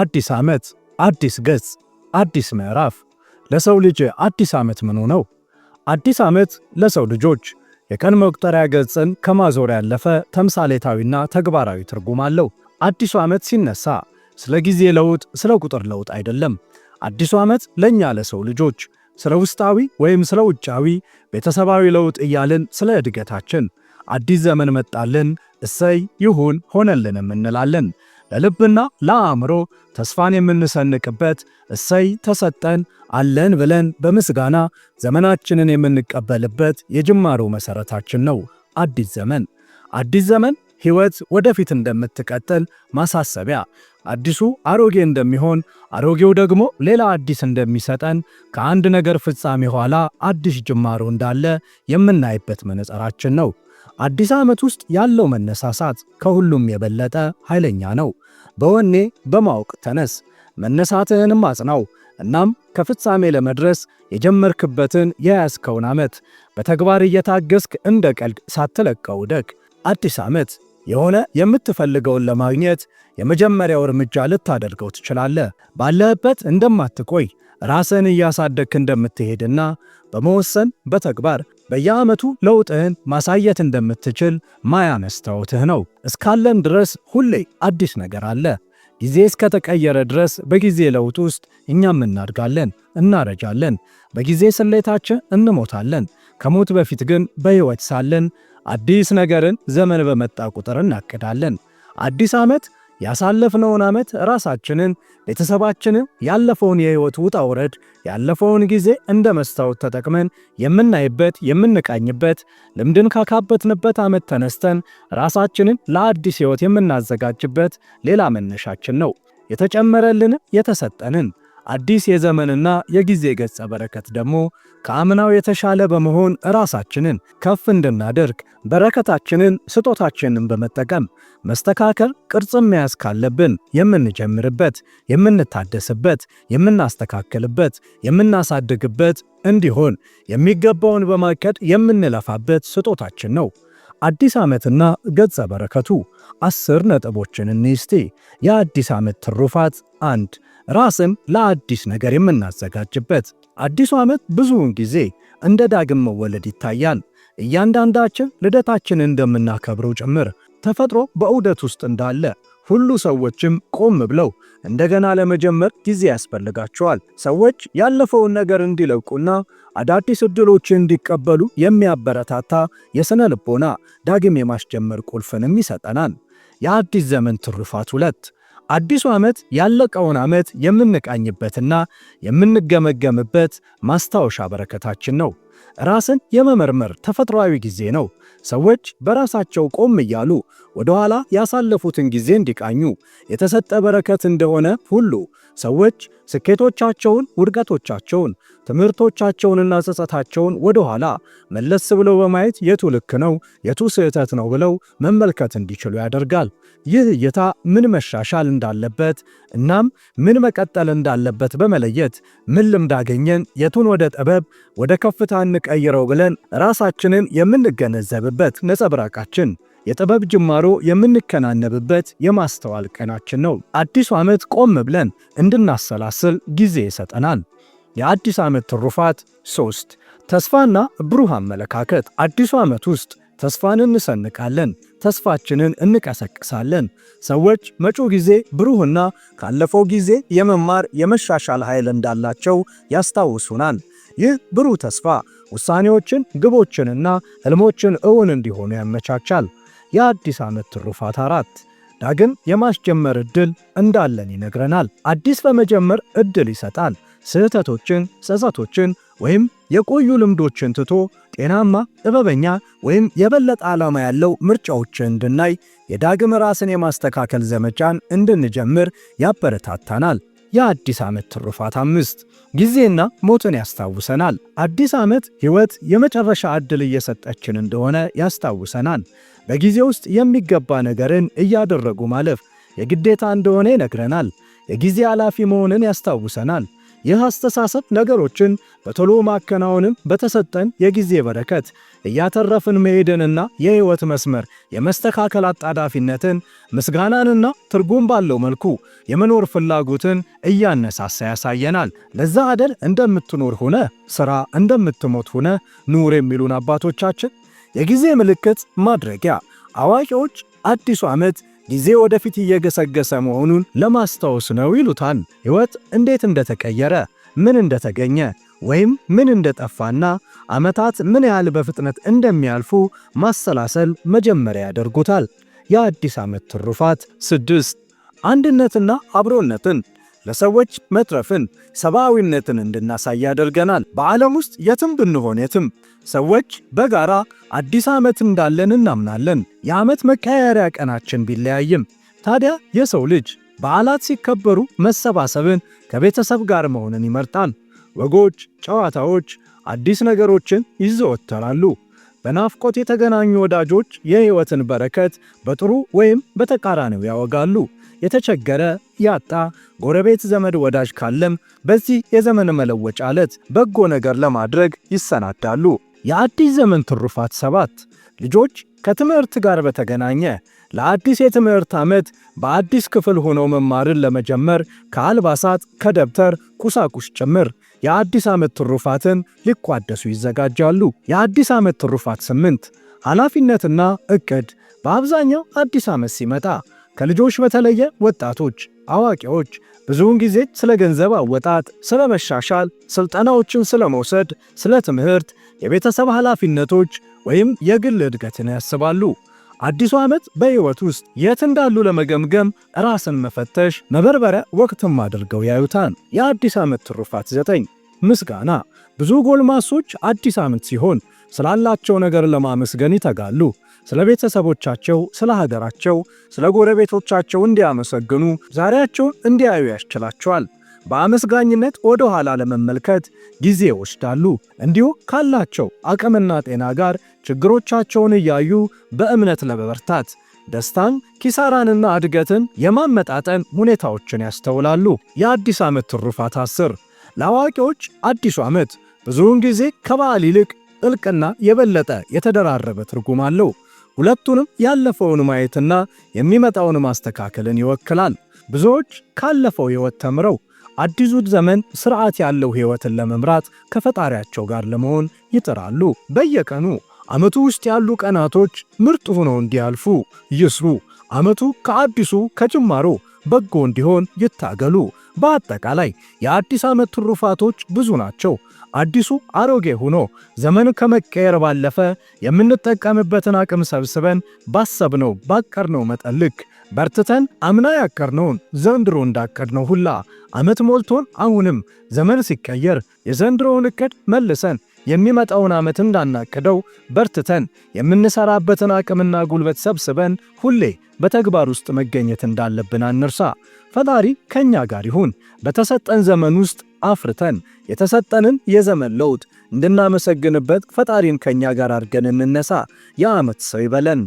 አዲስ ዓመት፣ አዲስ ገጽ፣ አዲስ ምዕራፍ። ለሰው ልጅ አዲስ ዓመት ምኑ ነው? አዲስ ዓመት ለሰው ልጆች የቀን መቁጠሪያ ገጽን ከማዞር ያለፈ ተምሳሌታዊና ተግባራዊ ትርጉም አለው። አዲሱ ዓመት ሲነሳ ስለ ጊዜ ለውጥ፣ ስለ ቁጥር ለውጥ አይደለም። አዲሱ ዓመት ለእኛ ለሰው ልጆች ስለ ውስጣዊ ወይም ስለ ውጫዊ ቤተሰባዊ ለውጥ እያልን ስለ እድገታችን አዲስ ዘመን መጣልን፣ እሰይ ይሁን ሆነልንም እንላለን። ለልብና ለአእምሮ ተስፋን የምንሰንቅበት እሰይ ተሰጠን አለን ብለን በምስጋና ዘመናችንን የምንቀበልበት የጅማሮ መሠረታችን ነው። አዲስ ዘመን አዲስ ዘመን ሕይወት ወደፊት እንደምትቀጥል ማሳሰቢያ፣ አዲሱ አሮጌ እንደሚሆን፣ አሮጌው ደግሞ ሌላ አዲስ እንደሚሰጠን፣ ከአንድ ነገር ፍጻሜ ኋላ አዲስ ጅማሮ እንዳለ የምናይበት መነጽራችን ነው። አዲስ ዓመት ውስጥ ያለው መነሳሳት ከሁሉም የበለጠ ኃይለኛ ነው። በወኔ በማወቅ ተነስ፣ መነሳትህንም አጽናው። እናም ከፍጻሜ ለመድረስ የጀመርክበትን የያዝከውን ዓመት በተግባር እየታገስክ እንደ ቀልድ ሳትለቀው ደግ አዲስ ዓመት የሆነ የምትፈልገውን ለማግኘት የመጀመሪያው እርምጃ ልታደርገው ትችላለህ። ባለህበት እንደማትቆይ ራስን እያሳደግክ እንደምትሄድና በመወሰን በተግባር በየዓመቱ ለውጥህን ማሳየት እንደምትችል ማያነስተውትህ ነው። እስካለን ድረስ ሁሌ አዲስ ነገር አለ። ጊዜ እስከተቀየረ ድረስ በጊዜ ለውጥ ውስጥ እኛም እናድጋለን፣ እናረጃለን፣ በጊዜ ስሌታችን እንሞታለን። ከሞት በፊት ግን በሕይወት ሳለን አዲስ ነገርን ዘመን በመጣ ቁጥር እናቅዳለን። አዲስ ዓመት ያሳለፍነውን ዓመት ራሳችንን፣ ቤተሰባችንን፣ ያለፈውን የሕይወት ውጣ ውረድ፣ ያለፈውን ጊዜ እንደ መስታወት ተጠቅመን የምናይበት የምንቃኝበት፣ ልምድን ካካበትንበት ዓመት ተነስተን ራሳችንን ለአዲስ ሕይወት የምናዘጋጅበት ሌላ መነሻችን ነው። የተጨመረልንም የተሰጠንን አዲስ የዘመንና የጊዜ ገጸ በረከት ደግሞ ከአምናው የተሻለ በመሆን ራሳችንን ከፍ እንድናደርግ በረከታችንን ስጦታችንን በመጠቀም መስተካከል፣ ቅርጽ መያዝ ካለብን የምንጀምርበት፣ የምንታደስበት፣ የምናስተካክልበት፣ የምናሳድግበት እንዲሆን የሚገባውን በማቀድ የምንለፋበት ስጦታችን ነው። አዲስ ዓመትና ገጸ በረከቱ አስር ነጥቦችን እንስቲ። የአዲስ ዓመት ትሩፋት አንድ ራስን ለአዲስ ነገር የምናዘጋጅበት። አዲሱ ዓመት ብዙውን ጊዜ እንደ ዳግም መወለድ ይታያል። እያንዳንዳችን ልደታችንን እንደምናከብረው ጭምር ተፈጥሮ በዑደት ውስጥ እንዳለ ሁሉ ሰዎችም ቆም ብለው እንደገና ለመጀመር ጊዜ ያስፈልጋቸዋል። ሰዎች ያለፈውን ነገር እንዲለቁና አዳዲስ ዕድሎችን እንዲቀበሉ የሚያበረታታ የሥነ ልቦና ዳግም የማስጀመር ቁልፍንም ይሰጠናል። የአዲስ ዘመን ትሩፋት ሁለት አዲሱ ዓመት ያለቀውን ዓመት የምንቃኝበትና የምንገመገምበት ማስታወሻ በረከታችን ነው። ራስን የመመርመር ተፈጥሯዊ ጊዜ ነው። ሰዎች በራሳቸው ቆም እያሉ ወደኋላ ያሳለፉትን ጊዜ እንዲቃኙ የተሰጠ በረከት እንደሆነ ሁሉ ሰዎች ስኬቶቻቸውን፣ ውድቀቶቻቸውን፣ ትምህርቶቻቸውንና ጸጸታቸውን ወደ ኋላ መለስ ብለው በማየት የቱ ልክ ነው፣ የቱ ስህተት ነው ብለው መመልከት እንዲችሉ ያደርጋል። ይህ እይታ ምን መሻሻል እንዳለበት እናም ምን መቀጠል እንዳለበት በመለየት ምን ልምድ አገኘን፣ የቱን ወደ ጥበብ፣ ወደ ከፍታ እንቀይረው ብለን ራሳችንን የምንገነዘብበት ነጸብራቃችን የጥበብ ጅማሮ የምንከናነብበት የማስተዋል ቀናችን ነው። አዲሱ ዓመት ቆም ብለን እንድናሰላስል ጊዜ ይሰጠናል። የአዲስ ዓመት ትሩፋት ሶስት ተስፋና ብሩህ አመለካከት። አዲሱ ዓመት ውስጥ ተስፋን እንሰንቃለን፣ ተስፋችንን እንቀሰቅሳለን። ሰዎች መጪው ጊዜ ብሩህና ካለፈው ጊዜ የመማር የመሻሻል ኃይል እንዳላቸው ያስታውሱናል። ይህ ብሩህ ተስፋ ውሳኔዎችን፣ ግቦችንና ህልሞችን እውን እንዲሆኑ ያመቻቻል። የአዲስ ዓመት ትሩፋት አራት ዳግም የማስጀመር ዕድል እንዳለን ይነግረናል። አዲስ በመጀመር ዕድል ይሰጣል። ስህተቶችን፣ ጸጸቶችን ወይም የቆዩ ልምዶችን ትቶ ጤናማ፣ ጥበበኛ ወይም የበለጠ ዓላማ ያለው ምርጫዎችን እንድናይ የዳግም ራስን የማስተካከል ዘመቻን እንድንጀምር ያበረታታናል። የአዲስ ዓመት ትሩፋት አምስት ጊዜና ሞትን ያስታውሰናል። አዲስ ዓመት ሕይወት የመጨረሻ ዕድል እየሰጠችን እንደሆነ ያስታውሰናል። በጊዜ ውስጥ የሚገባ ነገርን እያደረጉ ማለፍ የግዴታ እንደሆነ ይነግረናል። የጊዜ ኃላፊ መሆንን ያስታውሰናል። ይህ አስተሳሰብ ነገሮችን በቶሎ ማከናወንም በተሰጠን የጊዜ በረከት እያተረፍን መሄድንና የሕይወት መስመር የመስተካከል አጣዳፊነትን ምስጋናንና ትርጉም ባለው መልኩ የመኖር ፍላጎትን እያነሳሳ ያሳየናል። ለዛ አደል እንደምትኖር ሆነ ሥራ እንደምትሞት ሆነ ኑር የሚሉን አባቶቻችን። የጊዜ ምልክት ማድረጊያ አዋቂዎች አዲሱ ዓመት ጊዜ ወደፊት እየገሰገሰ መሆኑን ለማስታወስ ነው ይሉታል። ሕይወት እንዴት እንደተቀየረ፣ ምን እንደተገኘ ወይም ምን እንደጠፋና ዓመታት ምን ያህል በፍጥነት እንደሚያልፉ ማሰላሰል መጀመሪያ ያደርጉታል። የአዲስ ዓመት ትሩፋት ስድስት አንድነትና አብሮነትን ለሰዎች መትረፍን፣ ሰብአዊነትን እንድናሳይ ያደርገናል። በዓለም ውስጥ የትም ብንሆን የትም ሰዎች በጋራ አዲስ ዓመት እንዳለን እናምናለን። የዓመት መቀየሪያ ቀናችን ቢለያይም ታዲያ የሰው ልጅ በዓላት ሲከበሩ መሰባሰብን፣ ከቤተሰብ ጋር መሆንን ይመርጣል። ወጎች፣ ጨዋታዎች፣ አዲስ ነገሮችን ይዘወተራሉ። በናፍቆት የተገናኙ ወዳጆች የሕይወትን በረከት በጥሩ ወይም በተቃራኒው ያወጋሉ። የተቸገረ ያጣ ጎረቤት ዘመድ ወዳጅ ካለም በዚህ የዘመን መለወጫ ዕለት በጎ ነገር ለማድረግ ይሰናዳሉ። የአዲስ ዘመን ትሩፋት ሰባት ልጆች ከትምህርት ጋር በተገናኘ ለአዲስ የትምህርት ዓመት በአዲስ ክፍል ሆነው መማርን ለመጀመር ከአልባሳት፣ ከደብተር፣ ቁሳቁስ ጭምር የአዲስ ዓመት ትሩፋትን ሊቋደሱ ይዘጋጃሉ። የአዲስ ዓመት ትሩፋት ስምንት ኃላፊነትና ዕቅድ በአብዛኛው አዲስ ዓመት ሲመጣ ከልጆች በተለየ ወጣቶች፣ አዋቂዎች ብዙውን ጊዜ ስለ ገንዘብ አወጣጥ፣ ስለ መሻሻል፣ ስልጠናዎችን ስለ መውሰድ፣ ስለ ትምህርት፣ የቤተሰብ ኃላፊነቶች ወይም የግል እድገትን ያስባሉ። አዲሱ ዓመት በሕይወት ውስጥ የት እንዳሉ ለመገምገም ራስን መፈተሽ መበርበሪያ ወቅትም አድርገው ያዩታል። የአዲስ ዓመት ትሩፋት ዘጠኝ ምስጋና። ብዙ ጎልማሶች አዲስ ዓመት ሲሆን ስላላቸው ነገር ለማመስገን ይተጋሉ። ስለ ቤተሰቦቻቸው፣ ስለ ሀገራቸው፣ ስለ ጎረቤቶቻቸው እንዲያመሰግኑ፣ ዛሬያቸውን እንዲያዩ ያስችላቸዋል። በአመስጋኝነት ወደ ኋላ ለመመልከት ጊዜ ይወስዳሉ። እንዲሁ ካላቸው አቅምና ጤና ጋር ችግሮቻቸውን እያዩ በእምነት ለመበርታት ደስታን፣ ኪሳራንና እድገትን የማመጣጠን ሁኔታዎችን ያስተውላሉ። የአዲስ ዓመት ትሩፋት አስር ለአዋቂዎች አዲሱ ዓመት ብዙውን ጊዜ ከበዓል ይልቅ ጥልቅና የበለጠ የተደራረበ ትርጉም አለው። ሁለቱንም ያለፈውን ማየትና የሚመጣውን ማስተካከልን ይወክላል። ብዙዎች ካለፈው ሕይወት ተምረው አዲሱ ዘመን ስርዓት ያለው ሕይወትን ለመምራት ከፈጣሪያቸው ጋር ለመሆን ይጥራሉ። በየቀኑ ዓመቱ ውስጥ ያሉ ቀናቶች ምርጥ ሆነው እንዲያልፉ ይስሩ። ዓመቱ ከአዲሱ ከጅማሮ በጎ እንዲሆን ይታገሉ። በአጠቃላይ የአዲስ ዓመት ትሩፋቶች ብዙ ናቸው። አዲሱ አሮጌ ሆኖ ዘመኑ ከመቀየር ባለፈ የምንጠቀምበትን አቅም ሰብስበን ባሰብነው ባቀርነው መጠን ልክ በርትተን አምና ያቀርነውን ዘንድሮ ነው ሁላ ዓመት ሞልቶን አሁንም ዘመን ሲቀየር የዘንድሮውን እቅድ መልሰን የሚመጣውን ዓመት እንዳናቅደው በርትተን የምንሰራበትን አቅምና ጉልበት ሰብስበን ሁሌ በተግባር ውስጥ መገኘት እንዳለብን አንርሳ። ፈጣሪ ከእኛ ጋር ይሁን። በተሰጠን ዘመን ውስጥ አፍርተን የተሰጠንን የዘመን ለውጥ እንድናመሰግንበት ፈጣሪን ከእኛ ጋር አድርገን እንነሳ። የዓመት ሰው ይበለን።